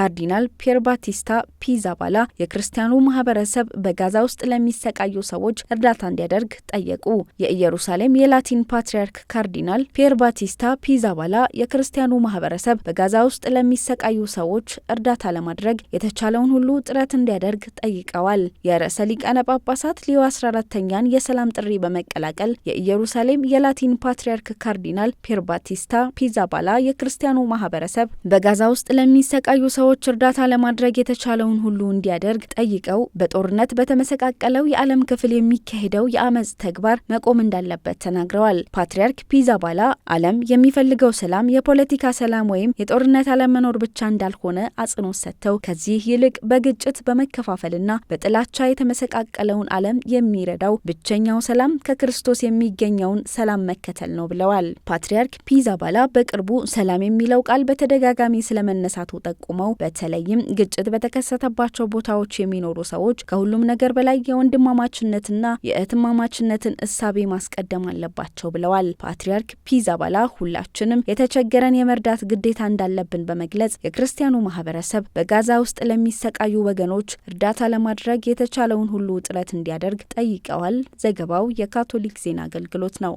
ካርዲናል ፒየር ባቲስታ ፒዛባላ የክርስቲያኑ ማህበረሰብ በጋዛ ውስጥ ለሚሰቃዩ ሰዎች እርዳታ እንዲያደርግ ጠየቁ። የኢየሩሳሌም የላቲን ፓትርያርክ ካርዲናል ፒየር ባቲስታ ፒዛባላ የክርስቲያኑ ማህበረሰብ በጋዛ ውስጥ ለሚሰቃዩ ሰዎች እርዳታ ለማድረግ የተቻለውን ሁሉ ጥረት እንዲያደርግ ጠይቀዋል። የርዕሰ ሊቃነ ጳጳሳት ሊዮ 14ተኛን የሰላም ጥሪ በመቀላቀል የኢየሩሳሌም የላቲን ፓትርያርክ ካርዲናል ፒየር ባቲስታ ፒዛባላ የክርስቲያኑ ማህበረሰብ በጋዛ ውስጥ ለሚሰቃዩ ሰዎች ሰዎች እርዳታ ለማድረግ የተቻለውን ሁሉ እንዲያደርግ ጠይቀው በጦርነት በተመሰቃቀለው የዓለም ክፍል የሚካሄደው የአመፅ ተግባር መቆም እንዳለበት ተናግረዋል። ፓትርያርክ ፒዛባላ ዓለም የሚፈልገው ሰላም የፖለቲካ ሰላም ወይም የጦርነት አለመኖር ብቻ እንዳልሆነ አጽንኦት ሰጥተው ከዚህ ይልቅ በግጭት በመከፋፈልና በጥላቻ የተመሰቃቀለውን ዓለም የሚረዳው ብቸኛው ሰላም ከክርስቶስ የሚገኘውን ሰላም መከተል ነው ብለዋል። ፓትርያርክ ፒዛባላ በቅርቡ ሰላም የሚለው ቃል በተደጋጋሚ ስለመነሳቱ ጠቁመው በተለይም ግጭት በተከሰተባቸው ቦታዎች የሚኖሩ ሰዎች ከሁሉም ነገር በላይ የወንድማማችነትና የእህትማማችነትን እሳቤ ማስቀደም አለባቸው ብለዋል። ፓትሪያርክ ፒዛባላ ሁላችንም የተቸገረን የመርዳት ግዴታ እንዳለብን በመግለጽ የክርስቲያኑ ማህበረሰብ በጋዛ ውስጥ ለሚሰቃዩ ወገኖች እርዳታ ለማድረግ የተቻለውን ሁሉ ጥረት እንዲያደርግ ጠይቀዋል። ዘገባው የካቶሊክ ዜና አገልግሎት ነው።